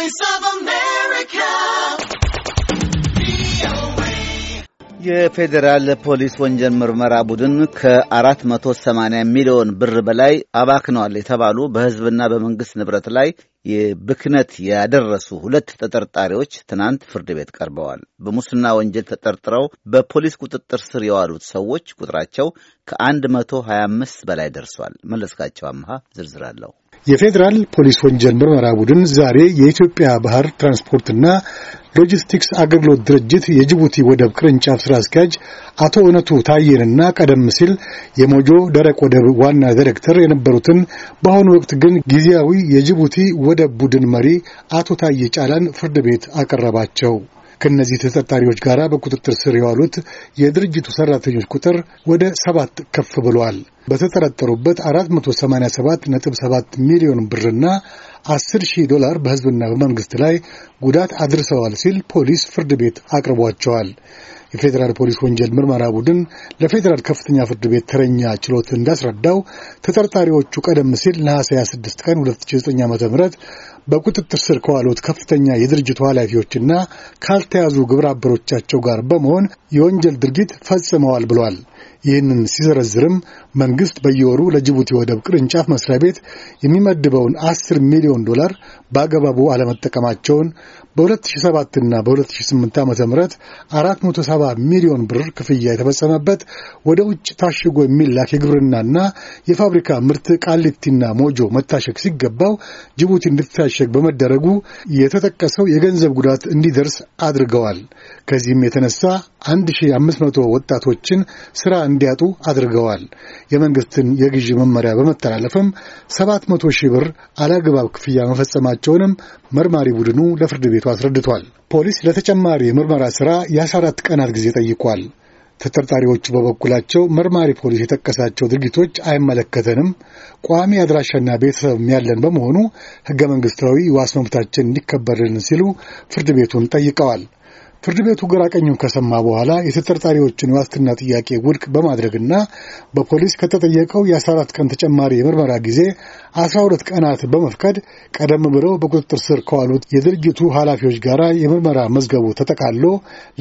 Voice of America. የፌዴራል ፖሊስ ወንጀል ምርመራ ቡድን ከ480 ሚሊዮን ብር በላይ አባክነዋል የተባሉ በሕዝብና በመንግሥት ንብረት ላይ የብክነት ያደረሱ ሁለት ተጠርጣሪዎች ትናንት ፍርድ ቤት ቀርበዋል። በሙስና ወንጀል ተጠርጥረው በፖሊስ ቁጥጥር ስር የዋሉት ሰዎች ቁጥራቸው ከ125 በላይ ደርሷል። መለስካቸው አምሃ ዝርዝር አለው። የፌዴራል ፖሊስ ወንጀል ምርመራ ቡድን ዛሬ የኢትዮጵያ ባህር ትራንስፖርትና ሎጂስቲክስ አገልግሎት ድርጅት የጅቡቲ ወደብ ቅርንጫፍ ስራ አስኪያጅ አቶ እውነቱ ታዬንና ቀደም ሲል የሞጆ ደረቅ ወደብ ዋና ዲሬክተር የነበሩትን በአሁኑ ወቅት ግን ጊዜያዊ የጅቡቲ ወደብ ቡድን መሪ አቶ ታዬ ጫላን ፍርድ ቤት አቀረባቸው። ከእነዚህ ተጠርጣሪዎች ጋር በቁጥጥር ስር የዋሉት የድርጅቱ ሰራተኞች ቁጥር ወደ ሰባት ከፍ ብለዋል። በተጠረጠሩበት 487.7 ሚሊዮን ብርና 10 ሺህ ዶላር በሕዝብና በመንግሥት ላይ ጉዳት አድርሰዋል ሲል ፖሊስ ፍርድ ቤት አቅርቧቸዋል። የፌዴራል ፖሊስ ወንጀል ምርመራ ቡድን ለፌዴራል ከፍተኛ ፍርድ ቤት ተረኛ ችሎት እንዳስረዳው ተጠርጣሪዎቹ ቀደም ሲል ነሐሴ 26 ቀን 2009 ዓ ም በቁጥጥር ስር ከዋሉት ከፍተኛ የድርጅቱ ኃላፊዎችና ካልተያዙ ግብረ አበሮቻቸው ጋር በመሆን የወንጀል ድርጊት ፈጽመዋል ብሏል። ይህንን ሲዘረዝርም መንግስት በየወሩ ለጅቡቲ ወደብ ቅርንጫፍ መስሪያ ቤት የሚመድበውን 10 ሚሊዮን ዶላር በአገባቡ አለመጠቀማቸውን በ2007ና በ2008 ዓ ም ሰባ ሚሊዮን ብር ክፍያ የተፈጸመበት ወደ ውጭ ታሽጎ የሚላክ የግብርናና የፋብሪካ ምርት ቃሊቲና ሞጆ መታሸግ ሲገባው ጅቡቲ እንድትታሸግ በመደረጉ የተጠቀሰው የገንዘብ ጉዳት እንዲደርስ አድርገዋል። ከዚህም የተነሳ 1500 ወጣቶችን ስራ እንዲያጡ አድርገዋል። የመንግስትን የግዢ መመሪያ በመተላለፍም 700 ሺህ ብር አላግባብ ክፍያ መፈጸማቸውንም መርማሪ ቡድኑ ለፍርድ ቤቱ አስረድቷል። ፖሊስ ለተጨማሪ የምርመራ ሥራ የአስራ አራት ቀናት ጊዜ ጠይቋል። ተጠርጣሪዎቹ በበኩላቸው መርማሪ ፖሊስ የጠቀሳቸው ድርጊቶች አይመለከተንም፣ ቋሚ አድራሻና ቤተሰብም ያለን በመሆኑ ሕገ መንግሥታዊ ዋስ መብታችን እንዲከበርልን ሲሉ ፍርድ ቤቱን ጠይቀዋል። ፍርድ ቤቱ ግራ ቀኙን ከሰማ በኋላ የተጠርጣሪዎችን ዋስትና ጥያቄ ውድቅ በማድረግና በፖሊስ ከተጠየቀው የ14 ቀን ተጨማሪ የምርመራ ጊዜ 12 ቀናት በመፍቀድ ቀደም ብለው በቁጥጥር ስር ከዋሉት የድርጅቱ ኃላፊዎች ጋር የምርመራ መዝገቡ ተጠቃሎ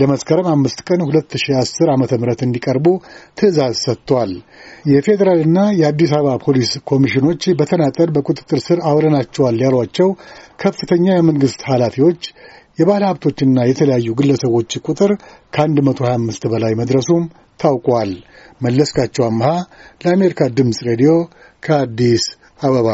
ለመስከረም አምስት ቀን 2010 ዓ ም እንዲቀርቡ ትዕዛዝ ሰጥቷል። የፌዴራልና የአዲስ አበባ ፖሊስ ኮሚሽኖች በተናጠል በቁጥጥር ስር አውለናቸዋል ያሏቸው ከፍተኛ የመንግስት ኃላፊዎች የባለ ሀብቶችና የተለያዩ ግለሰቦች ቁጥር ከ125 በላይ መድረሱም ታውቋል። መለስካቸው አምሃ ለአሜሪካ ድምፅ ሬዲዮ ከአዲስ አበባ